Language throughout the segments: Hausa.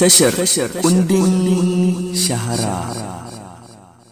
tashar kundin shahara.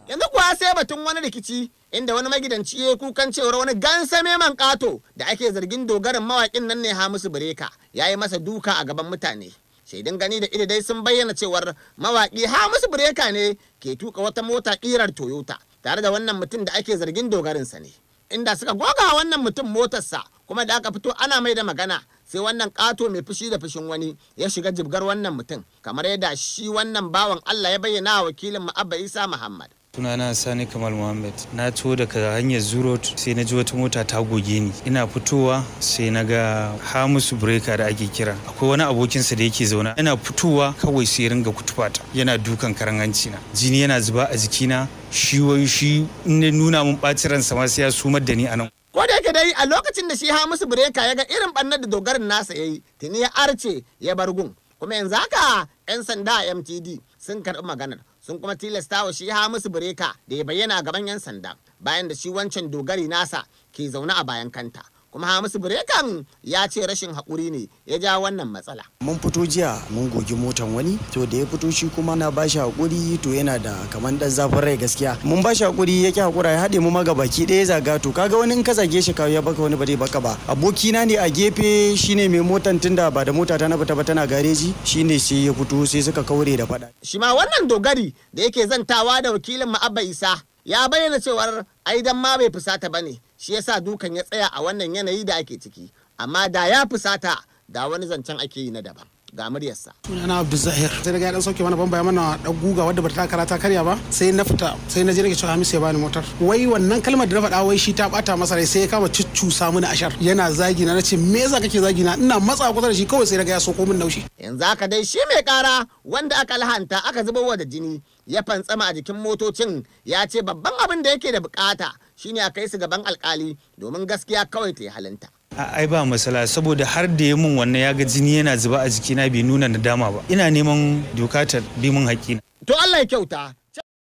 Yanzu kuwa sai batun wani rikici inda wani magidanci ya kukan cewar wani gansame man ƙato da ake zargin dogarin mawaƙin nan ne Hamisu Bireka ya yi masa duka a gaban mutane. Shaidun gani da ido dai sun bayyana cewar mawaƙi Hamisu Bireka ne ke tuka wata mota ƙirar Toyota tare da wannan mutum da ake zargin dogarinsa ne. Inda suka goga wannan mutum motarsa kuma da aka fito ana mai da magana sai wannan kato mai fushi da fushin wani ya shiga jibgar wannan mutum kamar yadda shi wannan bawan Allah ya bayyana wa wakilin mu Abba Isa Muhammad sunana sani kamal muhammad na to daga hanyar zuro sai na ji wata mota ta goge ni ina fitowa sai na ga hamusu breaker da ake kira akwai wani abokinsa da yake zauna yana fitowa kawai sai ringa kutufata yana dukan karan na jini yana zuba a jikina shi wai shi in nuna mun ɓacin ransa ma sai ya sumar da ni anan. ko da yake dai a lokacin da shi ha musu bireka ya ga irin bannar da dogarin nasa yayi yi tuni ya arce ya bar gun kuma yanzu haka 'yan sanda a mtd sun karbi maganar sun kuma tilasta wa shi ha musu bireka da ya bayyana gaban 'yan sanda bayan da shi wancan dogari nasa ke zaune a bayan kanta kuma hamisu burekan ya ce rashin haƙuri ne ya ja wannan matsala mun fito jiya mun gogi motan wani to da ya fito shi kuma na ba shi haƙuri to yana da kamar dan zafin rai gaskiya mun ba shi haƙuri ya ki haƙura ya haɗe mu maga baki ɗaya zaga to kaga wani in ka zage shi kawai ya baka wani ba zai baka ba abokina ne a gefe shine mai motan tunda ba da mota ta na fita ba tana gareji shine sai ya fito sai suka kaure da faɗa shi ma wannan dogari da yake zantawa da wakilin ma'abba isa ya bayyana cewar ai dan ma bai fusata ne. shi yasa dukan ya tsaya a wannan yanayi da ake ciki amma da ya fusata da wani zancen ake yi na daban ga muryarsa. Sunana Abdul Zahir. Sai daga dan sauke mana bambaya mana dan guga wadda bata kara ta karya ba sai na fita sai na je nake cewa Hamisu ya bani motar. Wai wannan kalmar da na faɗa wai shi ta bata masa rai sai ya kama cuccusa mini ashar. Yana zagi na nace me yasa kake zagi na ina matsa kusa da shi kawai sai daga ya soko min naushi. Yanzu haka dai shi mai kara wanda aka lahanta aka zubarwa da jini ya fantsama a jikin motocin ya ce babban abin da yake da bukata shine a kai su gaban alkali domin gaskiya kawai ta yi halinta ai ba masala saboda har da ya mun wannan ya ga jini yana zuba a jikina bai nuna nadama ba ina neman doka ta bi mun haƙƙi. to Allah ya kyauta